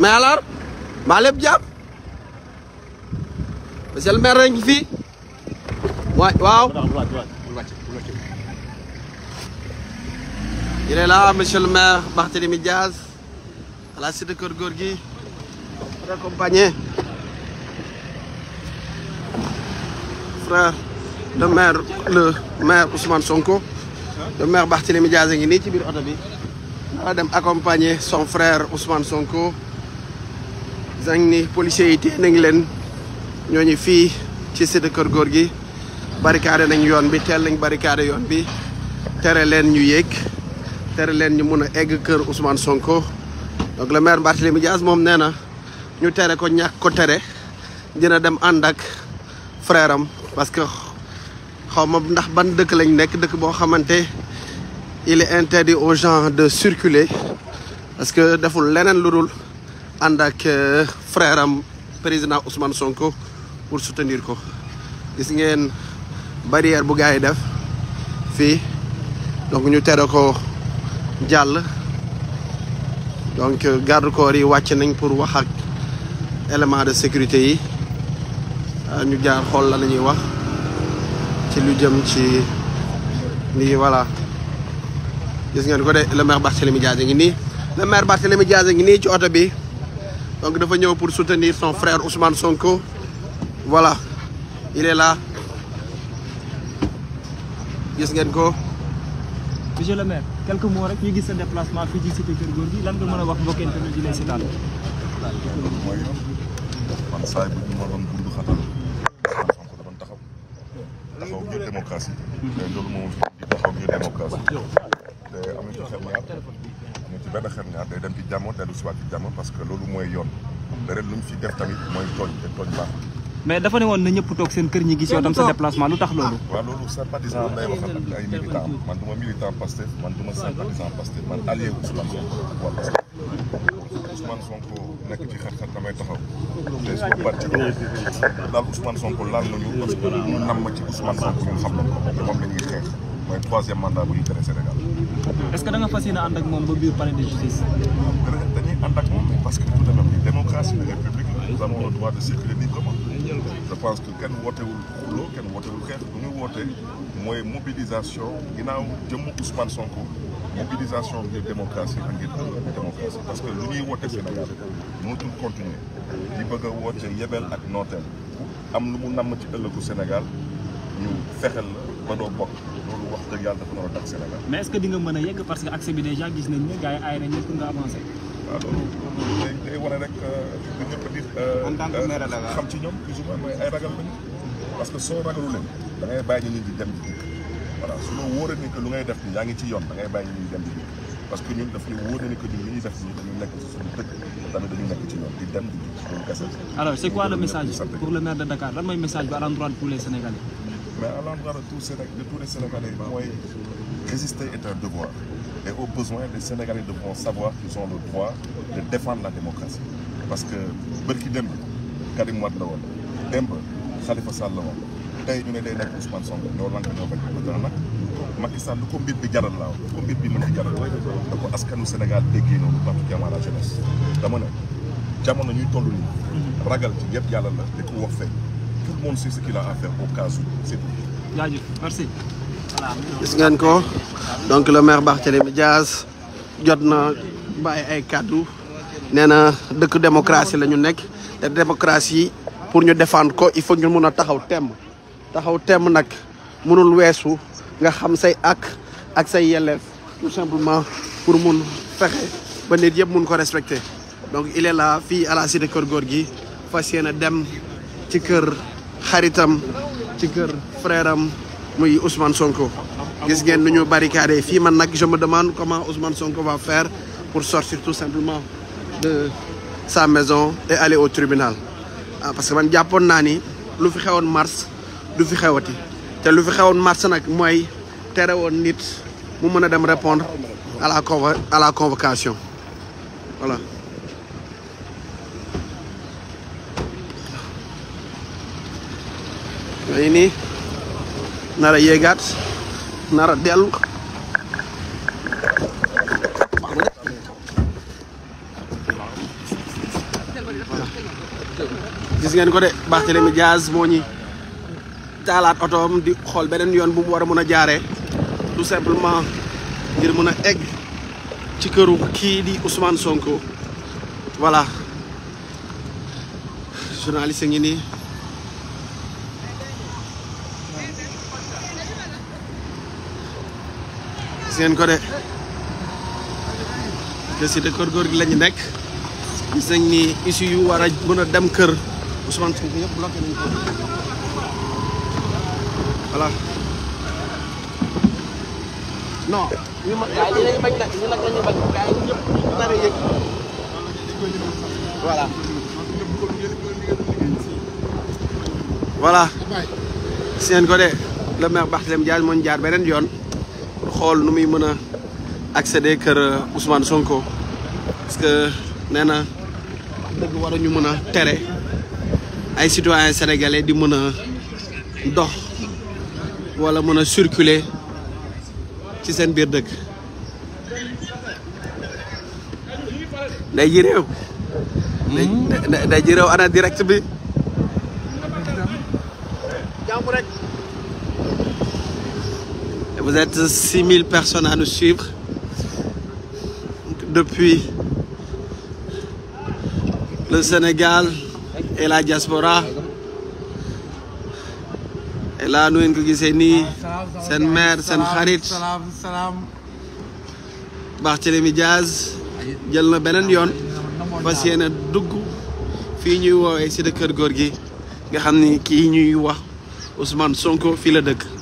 mais alors maa lépp jàpp monsieur le maire rek fii waaw. Il est là, monsieur le maire Barthélémy Diaz, à la cité Keur Gorgui, accompagné frère le maire le maire Ousmane Sonko. le maire Barthélémy Diaz a ngi nii ci biir oto bi. accompagner son frère Ousmane Sonko. ni policiers yi téye nañ leen ñooñu fii ci cité Keur Gorgui barricade nañ yoon bi teel nañ barricade yoon bi tere leen ñu yéeg tere leen ñu mun a egg kër Ousmane Sonko donc le maire Barthélémy Dias moom nee na ñu tere ko ñàkk ko tere dina dem ànd ak frère parce que xawma ndax ban dëkk lañ nekk dëkk boo xamante il est interdit aux gens de circuler parce que deful leneen lu dul ànd ak euh, frère am président Ousmane Sonko pour soutenir ko gis ngeen barrière bu gars yi def fii donc ñu tere ko jàll donc euh, garde corps yi wàcc nañ pour wax ak élément de sécurité yi euh, ñu jaar xool la la ñuy wax ci lu jëm ci lii voilà gis ngeen ko de le maire Barthélémy Diaz a ngi nii le maire Barthélémy ngi nii ci oto bi donc dafa ñëw pour soutenir son frère Ousmane Sonko voilà il est gis ngeen ko. monsieur le maire quelques mots rek ñu gis sa déplacement fii ci cité Keur Gorgui lan nga mën a wax mbokk internet yi lay seetaan. mooy man saay taxaw taxaw ñu démocratie. te mhm. loolu moom di taxaw ci benn xel ñaar day dem ci jàmm dellu si waat ci jàmm parce que loolu mooy yoon leneen lu ñu fi def tamit mooy tooñ te tooñ baax mais dafa ne woon na ñëpp toog seen kër ñi gis yow tam sa déplacement lu tax loolu waaw loolu sympathisant lay waxal ay militant man man du ma sympathisant man allié wu Ousmane Sonko parce que Ousmane Sonko nekk ci nam ma ci Ousmane Sonko ñun xam nañ ko moom xeex mooy troisième mandat bu intérêt Sénégal. est-ce que da nga fas yéene ànd ak moom ba biir palais de justice. dañuy ànd ak moom parce que tout à fait démocratie de république nous avons le droit de circuler librement. je pense que kenn wootewul xuloo kenn wootewul xeex bu ñu wootee mooy mobilisation ginnaaw jëmmu Ousmane Sonko mobilisation ngir démocratie ak ngir démocratie parce que lu ñuy woote Sénégal mënatul continuer di bëgg a woote yebel ak nooteel am lu mu namm ci ëllëgu Sénégal ñu fexel la ba doo bokk. wax dëgg yàlla dafa nar a Sénégal. mais est-ce mën a yegg parce que accès bi déjà gis nañ ne gars yi aay nañ pour nga avancer. waaw loolu day day wane rek euh, di. Euh, en euh, ci ñoom plus ou moins mooy ay soo ragalu leen da ngay di dem di dikk voilà su loo wóoree lu ngay def nii yaa ngi ci yoon da ngay bàyyi ñu dem di dikk parce que ñun daf ñu wóor ni que ñun li def nii dañu nekk ci suñu dëkk tamit dañu nekk ci ñoom di dem di dikk loolu kese. alors c'est quoi le message pour le maire de Dakar lan mooy mais à l'endroit de tous de tous mooy résister est un devoir et au besoin les Sénégalais devront savoir qu'ils ont le droit de défendre la démocratie parce que bërki démb Karim Wade la woon démb Khalifa Sall la woon tey ñu ne day nekk Ousmane Sonko loolu lan ko ñoo bañ ko dara nag Macky Sall lu ko mbir bi jaral laa lu ko mbir bi mën a jaral da ko askanu Sénégal déggee noonu particulièrement la jeunesse dama ne jamono ñuy toll nii ragal ci yëpp yàlla la te wax fee tout le monde sait ce qu'il a à faire au gis ngeen ko donc le maire Barthélémy Dias jot na bàyyi ay kàddu nee na dëkk démocratie la ñu nekk te démocratie pour ñu défendre ko il faut ñu mun a taxaw temm taxaw temm nag mënul weesu nga xam say ak say yelleef tout pour mun fexe ba nit yëpp mun ko respecter donc il est là fii à la cité Keur Gorgui dem. ci kër xaritam ci kër frère am muy Ousmane Sonko gis ngeen nu ñu barricadé fii man nag je me demande comment Ousmane Sonko va faire pour sortir tout simplement de sa maison et aller au tribunal ah, parce que man jàppoon naa ni lu fi xewoon mars du fi xewati te lu fi xewoon mars nag mooy tere woon nit mu mën a dem répondre à la convo à la convocation voilà way nii nar a yéegaat nar a ngeen ko de Barthélémy Dias moo ñi taalaat otoom di xool beneen yoon bu mu war a mën a jaare tout simplement ngir mën a egg ci këru kii di Ousmane Sonko voilà journaliste ngi nii ngeen ko de te kër góor gi lañu nekk gis nañ ni issu yu war a mën a dem kër Ousmane Sonko yëpp bloqué de le maire Barthélémy Dias mooñ jaar beneen yoon xool nu muy mën a accéder kër euh, Ousmane Sonko parce que nee na dëgg war a ñu mën a tere ay citoyens sénégalais di mën a dox wala mën a circuler ci seen biir dëgg nday ji réew nday hmm? ji ana direct bi Vous êtes 6000 personnes à nous suivre depuis le Sénégal et la diaspora et là nu ngeen ko gisee nii seen maire seen xarit Barthélémy Diaz jël na beneen yoon fas yéene dugg fii ñuy woowee ci de kër gi nga xam ni kii ñuy wax Ousmane Sonko fii la dëkk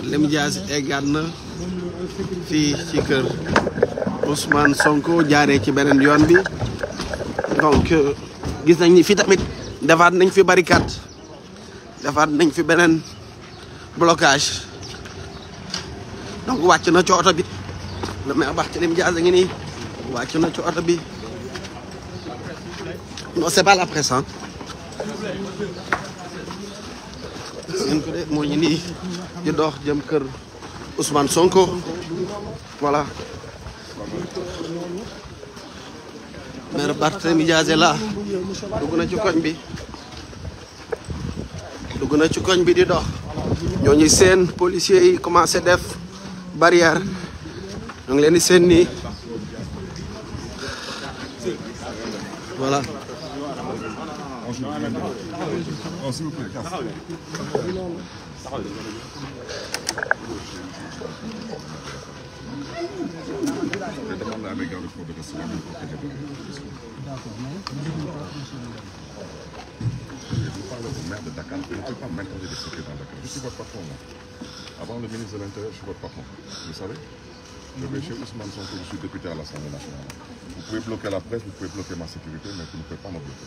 Barthélémy Dias eggaat na fii ci kër Ousmane Sonko jaaree ci beneen yoon bi donc euh, gis nañ ni fii tamit defaat nañ fi barricade defaat nañ fi beneen blocage donc wàcc na cooto oto bi le maire Barthélémy lim a ngi nii wàcc na ci oto bi non c'est pas ngeen ko moo ñu nii di dox jëm kër Ousmane Sonko voilà maire Barthélémy Dias la dugg na ci koñ bi dugg na ci koñ bi di dox ñooñu seen policiers yi commencé def barrière ñu ngi seen nii voilà non oh, s'il vous plaît. maire de Dakar, je ne peux pas m'imposer des secrets dans Dakar. Je suis votre patron, moi. Avant le ministre de l'Intérieur, je suis votre patron. Vous savez Je vais chez Ousmane Sonko, je suis député à l'Assemblée nationale. Vous pouvez bloquer la presse, vous pouvez bloquer ma sécurité, mais vous ne pouvez pas me bloquer.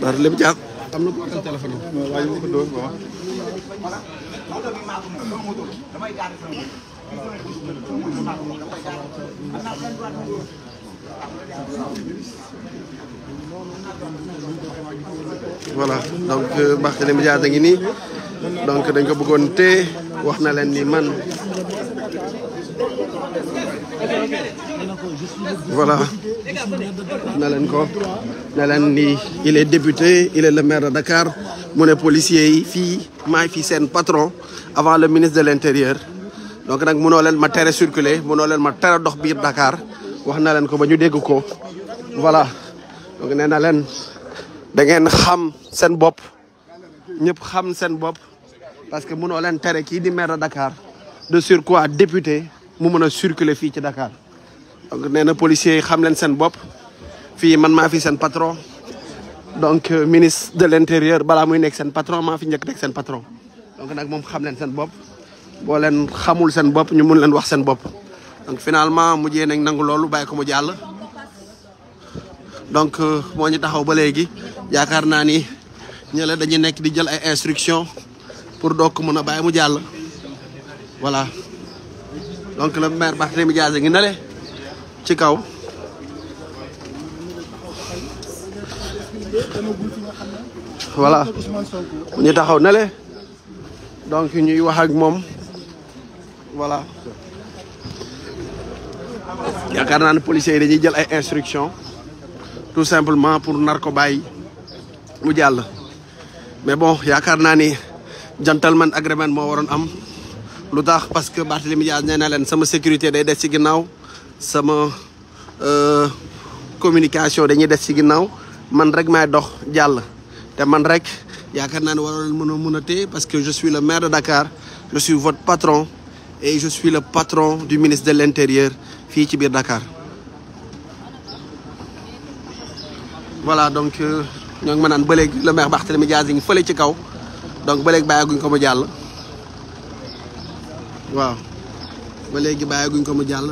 Baar lépp jàpp. am na ku am téléphone waaye donc euh, Barthélémy Dias a ngi nii donc dañ ko bëggoon te wax leen ni man. voilà ne leen ko ne leen ni il est député il est le maire de Dakar mu ne policier yi fii maay fii seen patron avant le ministre de l'intérieur donc nag mënoo leen ma tere circuler mënoo leen ma tere dox biir Dakar wax na leen ko ba ñu dégg ko voilà ne na leen da xam seen bopp ñëpp xam seen bopp parce que mënoo leen tere kii di maire de Dakar de surcroît député mu mën a circuler fii ci Dakar donc nee na policiers yi xam leen seen bopp fii man maa fi seen patron donc euh, ministre de l' intérieur balaa muy nekk seen patron maa fi njekk nekk seen patron donc nag moom xam leen seen bopp boo leen xamul seen bopp ñu mun leen wax seen bopp donc finalement mujjee nañ nangu loolu bàyyi ko mu jàll donc euh, moo ñu taxaw ba léegi yaakaar naa ni ñële dañuy nekk di jël ay instruction pour doog ko mën a bàyyi mu jàll voilà donc le maire Barthélémy Dias ngi nale ci kaw voilà ñu taxaw na le donc ñuy wax ak moom voilà yaakaar naa ni policiers yi dañuy jël ay instructions tout simplement pour nar ko bàyyi mu jàll mais bon yaakaar naa ni gentleman agreement moo waroon am lu tax parce que Barthélémy Dias nee na leen sama sécurité day des ci ginnaaw sama euh, communication dañuy def ci ginnaaw man rek may dox jàll te man rek yaakaar naa ne waroon mën a mën a téye parce que je suis le maire de Dakar je suis votre patron et je suis le patron du ministre de l'intérieur fii ci biir Dakar voilà donc euh, ñoo ngi ma naan ba léegi le maire Barthélémy Dias ngi fële ci kaw donc ba léegi bàyyaguñ ko mu jàll waaw ba léegi ko mu jàll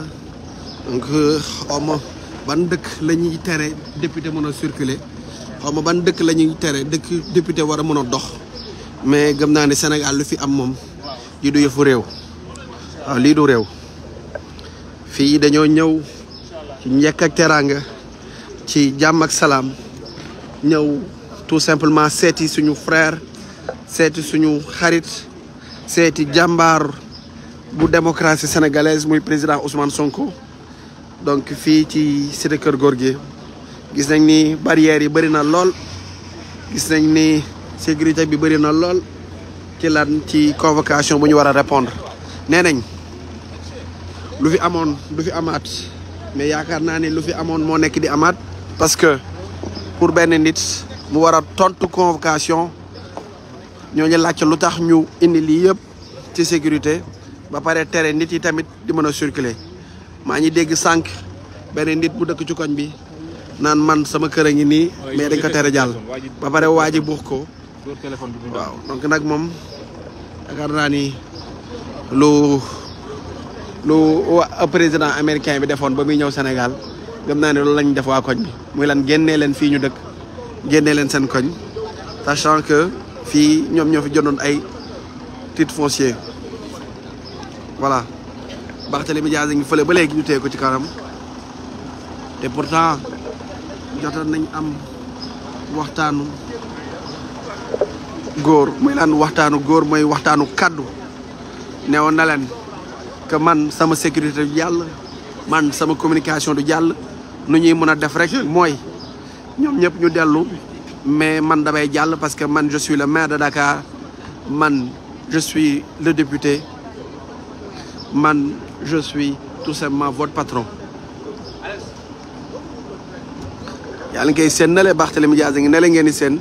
donc euh, xaw ma ban dëkk la ñuy tere député mën a circuler ban dëkk la ñuy tere dëkk député war a mën a dox mais gëm naa ne Sénégal lu fi am moom lii du yëfu réew waaw ah, lii du réew fii dañoo ñëw ci njëkk ak teraanga ci jàmm ak salaam ñëw tout simplement seeti suñu frère seeti suñu xarit seeti jàmbaar bu démocratie sénégalaise muy président Ousmane Sonko. donc fii ci cité kër góor gi gis nañ ni barrières yi bëri na lool gis nañ ni sécurité bi bëri na lool ci lan ci convocation bu ñu war a répondre nee nañ lu fi amoon du fi amaat mais yaakaar naa ni lu fi amoon moo nekk di amaat parce que pour benn nit mu war a tontu convocation ñooñu laajte lu tax ñu indi lii yëpp ci sécurité ba pare tere nit yi tamit di mën a circuler maa ngi dégg sànq benn nit bu dëkk ci koñ bi naan man sama kër a ngi nii mais dañ ko tere jàll ba bari waa ji buux ko waaw donc nag moom yaakaar naa ni lu lu président américain bi defoon ba muy ñëw Sénégal gëm naa ne loolu lañ def waa koñ bi muy lan génnee leen fii ñu dëkk génnee leen seen koñ sachant que fii ñoom ñoo fi jëndoon ay titre foncier voilà Barthélémy Dias ngi fële ba léegi ñu téye ko ci kanam te pourtant jotoon nañ am waxtaanu góor muy lan waxtaanu góor mooy waxtaanu kaddu newoon na leen que man sama sécurité du jàll man sama communication du jàll nu ñuy mën a def rek mooy ñoom ñëpp ñu dellu mais man damay jàll parce que man je suis le maire de Dakar man je suis le député man je suis tout simplement votre patron yaa ngi koy seen nale Barthélémy Dias ngi nale ngeen di seen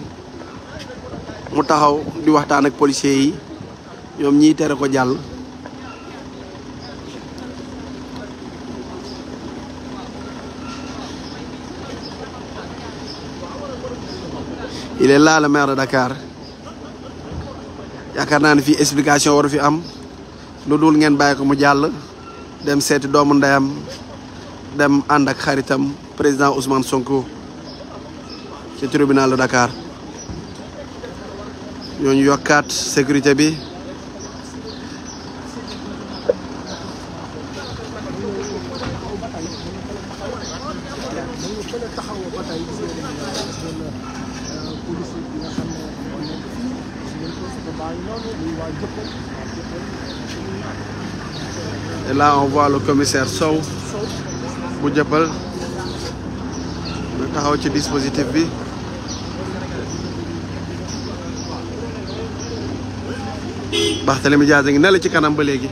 mu taxaw di waxtaan ak policiers yi ñoom ñii tere ko jàll il est là le maire de Dakar yaakaar naa ne fii explication waru fi am lu dul ngeen bàyyi ko mu jàll dem seeti doomu ndeyam dem ànd ak xaritam président Ousmane Sonko ci tribunal de Dakar ñooñu yokkaat sécurité bi Et là, on voit commissaire Sow bu jëppal ñu taxaw ci dispositif bi Barthélémy Dias ngi ne ci kanam ba léegi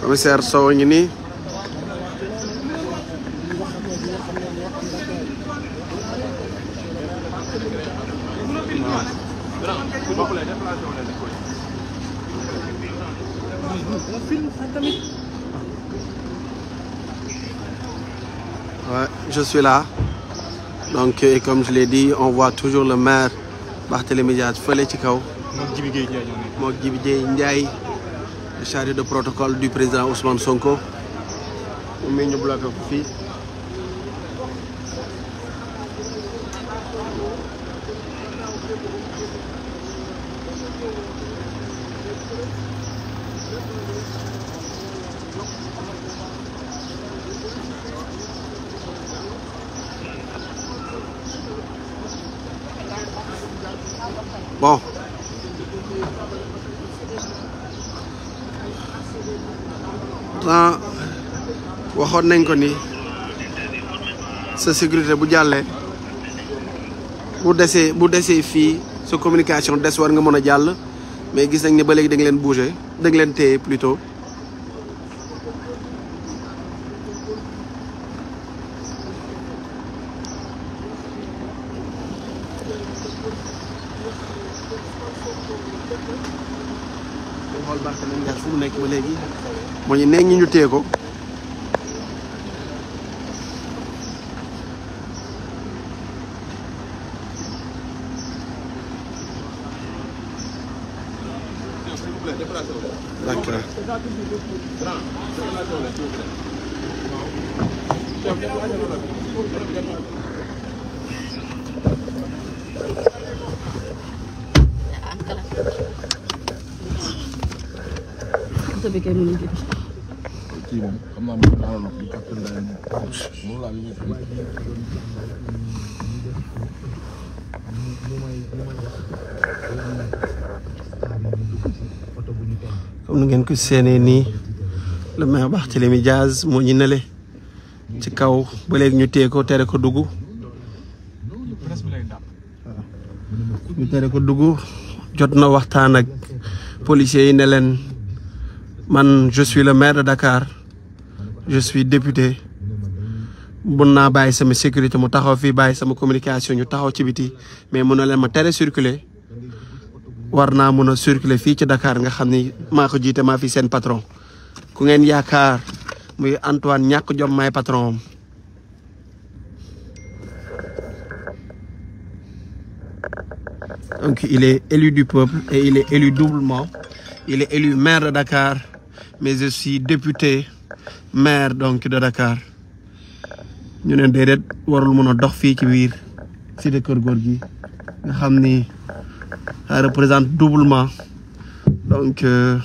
commissaire Sow a ngi ni Ouais, je suis là. Donc, et comme je l'ai dit, on toujours le maire Barthélémy Diaz fële ci kaw. moog Djibi Dieye Ndiaye chargé de protocole du président Ousmane Sonko. mu mii ñu bloqué ko fii. bon pourtant waxoon nañ ko ni sa sécurité bu jàllee bu desee bu desee fii sa communication des war nga mën a jàll mais gis nañ ne ba léegi da nga leen bouger da nga leen téye plutôt moo ñu ne ñu téye ko morceau bi kay ngeen ko seenee nii le maire Barthélémy Dias moo ñu nele ci kaw ba léegi ñu téye ko tere ko dugg ñu jot na waxtaan ak policiers yi ne leen man je suis maire de Dakar je suis député mun naa bàyyi sama sécurité mu taxaw fii bàyyi sama communication ñu taxaw ci biti mais mun na leen ma tere circuler war naa mun a circuler fii ci Dakar nga xam ni maa ko jiite maa fi seen patron ku ngeen yaakaar muy Antoine ñàkk jom maay patron am donc il est élu du peuple il est élu doublement il est élu maire de Dakar mais je suis député maire donc de Dakar ñu ne déedéet warul mun a dox fii ci biir cité Keur Gorgui nga xam ni ça représente doublement donc euh,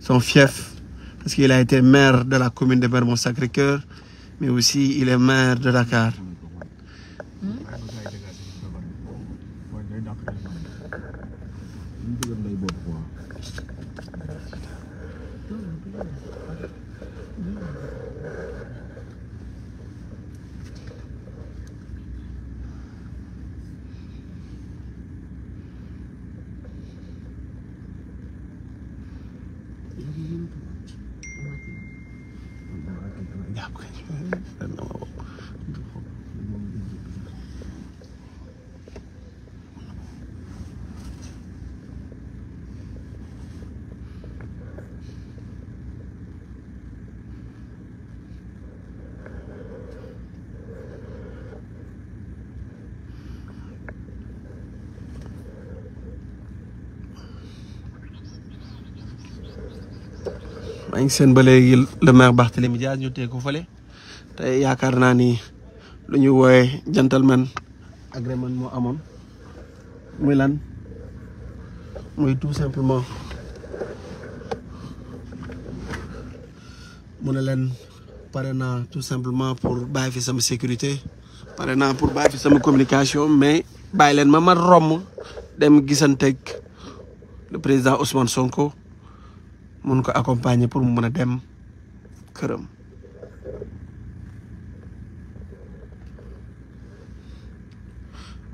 son fief parce qu'il a été maire de la commune de Mermoz Sacré-Cœur mais aussi il est maire de Dakar maa seen ba léegi le maire Barthélémy Dias ñu tee ko fële tey yaakaar naa ni lu ñu wooyee gentleman agreement moo amoon muy lan muy tout simplement mu ne leen pare naa tout simplement pour bàyyi fi sam sécurité pare naa pour bàyyi fi sama communication mais bàyyi leen ma ma romb dem gisanteeg le président Ousmane Sonko. mun ko accompagner pour mu mën a dem këram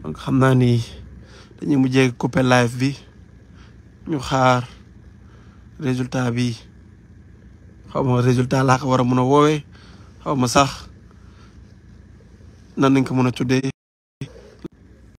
donc xam naa ni dañuy mujjee couper live bi ñu xaar résultat bi xaw ma résultat laa ko war a mun a woowe xaw ma sax nan nañ ko mën a tuddee